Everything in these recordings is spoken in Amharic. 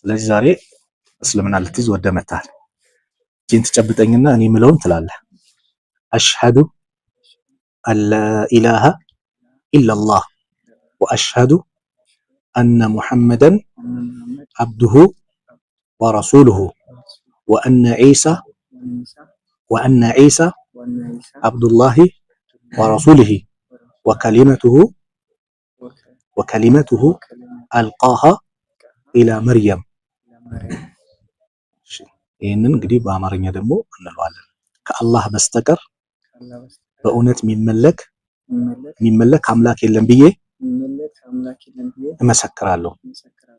ስለዚህ ዛሬ እስልምና ልትይዝ ወደ መታል እጄን ትጨብጠኝና እኔ ምለውን ትላለህ። አሽሀዱ አላ ኢላሃ ኢላላህ ወአሽሀዱ አነ ሙሐመደን አብዱሁ ወረሱሉሁ ወአነ ዒሳ ወአነ ዒሳ አብዱላሂ ወረሱልህ ወከሊመቱሁ ወከሊመቱሁ አልቃሃ ኢላ መርየም ይህንን እንግዲህ በአማርኛ ደግሞ እንለዋለን። ከአላህ በስተቀር በእውነት የሚመለክ የሚመለክ አምላክ የለም ብዬ እመሰክራለሁ።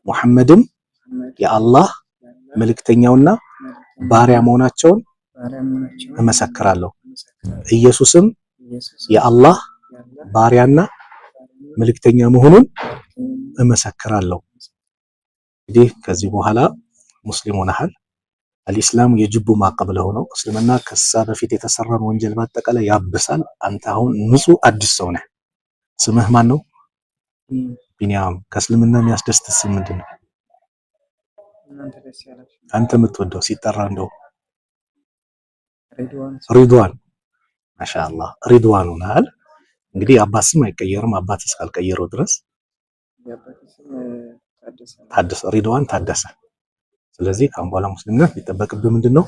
ሙሐመድም የአላህ መልእክተኛውና ባሪያ መሆናቸውን እመሰክራለሁ። ኢየሱስም የአላህ ባሪያና መልእክተኛ መሆኑን እመሰክራለሁ። እንግዲህ ከዚህ በኋላ ሙስሊም ሆነሃል አልኢስላም የጅቡ ማቀብለ ሆነው እስልምና ከሳ በፊት የተሰራን ወንጀል ባጠቃላይ ያብሳል። አንተ አሁን ንጹህ አዲስ ሰው ነህ። ስምህ ማን ነው? ቢኒያም። ከእስልምና የሚያስደስት ስም ምንድን ነው? አንተ የምትወደው ሲጠራ እንደው ሪድዋን። ማሻአላ ሪድዋን ሆነሃል። እንግዲህ አባት ስም አይቀየርም። አባት እስካልቀየረው ድረስ ታደሰ ሪድዋን ታደሰ። ስለዚህ ካሁን በኋላ ሙስሊምነት የሚጠበቅብህ ምንድን ነው?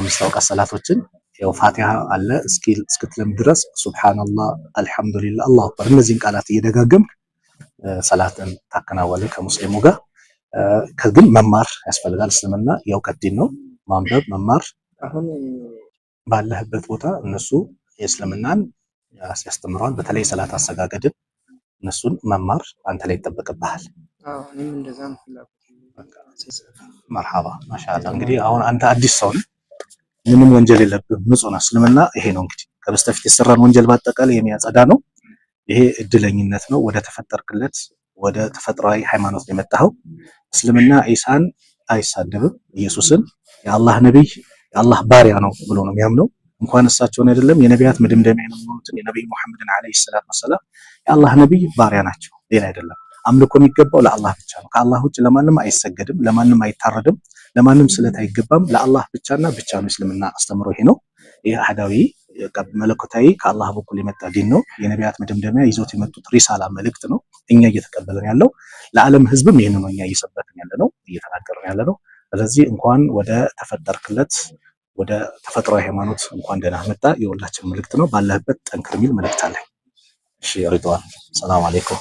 አምስት አውቃት ሰላቶችን ያው ፋቲሃ አለ እስክትለም ድረስ ሱብሃነላህ፣ አልሐምዱሊላህ፣ አላሁ አክበር እነዚህን ቃላት እየደጋገምክ ሰላትን ታከናወለ ከሙስሊሙ ጋር ከግን መማር ያስፈልጋል። እስልምና የእውቀት ዲን ነው። ማንበብ መማር ባለህበት ቦታ እነሱ የእስልምናን ያስተምረዋል። በተለይ ሰላት አሰጋገድን እነሱን መማር አንተ ላይ ይጠበቅብሃል። መርሃባ ማሻላ። እንግዲህ አሁን አንተ አዲስ ሰው ነህ፣ ምንም ወንጀል የለብህም፣ ንጹህ ነህ። እስልምና ይሄ ነው እንግዲህ ከበስተፊት የሰራን ወንጀል ባጠቃላይ የሚያጸዳ ነው። ይሄ እድለኝነት ነው። ወደ ተፈጠርክለት ወደ ተፈጥሯዊ ሃይማኖት ነው የመጣኸው። እስልምና ኢሳን አይሳደብም፣ ኢየሱስን የአላህ ነቢይ የአላህ ባሪያ ነው ብሎ ነው የሚያምነው። እንኳን እሳቸውን አይደለም የነቢያት መደምደሚያ የሆኑትን የነቢይ ሙሐመድን ዓለይሂ ሰላቱ ወሰላም የአላህ ነቢይ ባሪያ ናቸው፣ ሌላ አይደለም። አምልኮ የሚገባው ለአላህ ብቻ ነው። ከአላህ ውጭ ለማንም አይሰገድም፣ ለማንም አይታረድም፣ ለማንም ስለት አይገባም። ለአላህ ብቻና ብቻ ነው። እስልምና አስተምሮ ይሄ ነው። ይህ አህዳዊ መለኮታዊ ከአላህ በኩል የመጣ ዲን ነው። የነቢያት መደምደሚያ ይዞት የመጡት ሪሳላ መልእክት ነው። እኛ እየተቀበለን ያለው ለዓለም ህዝብም ይህን ነው። እኛ እየሰበክን ያለ ነው፣ እየተናገርን ያለ ነው። ስለዚህ እንኳን ወደ ተፈጠርክለት ወደ ተፈጥሮ ሃይማኖት እንኳን ደህና መጣ። የሁላችን መልእክት ነው። ባለህበት ጠንክር የሚል መልእክት አለኝ። እሺ ሪድዋን ሰላም አለይኩም።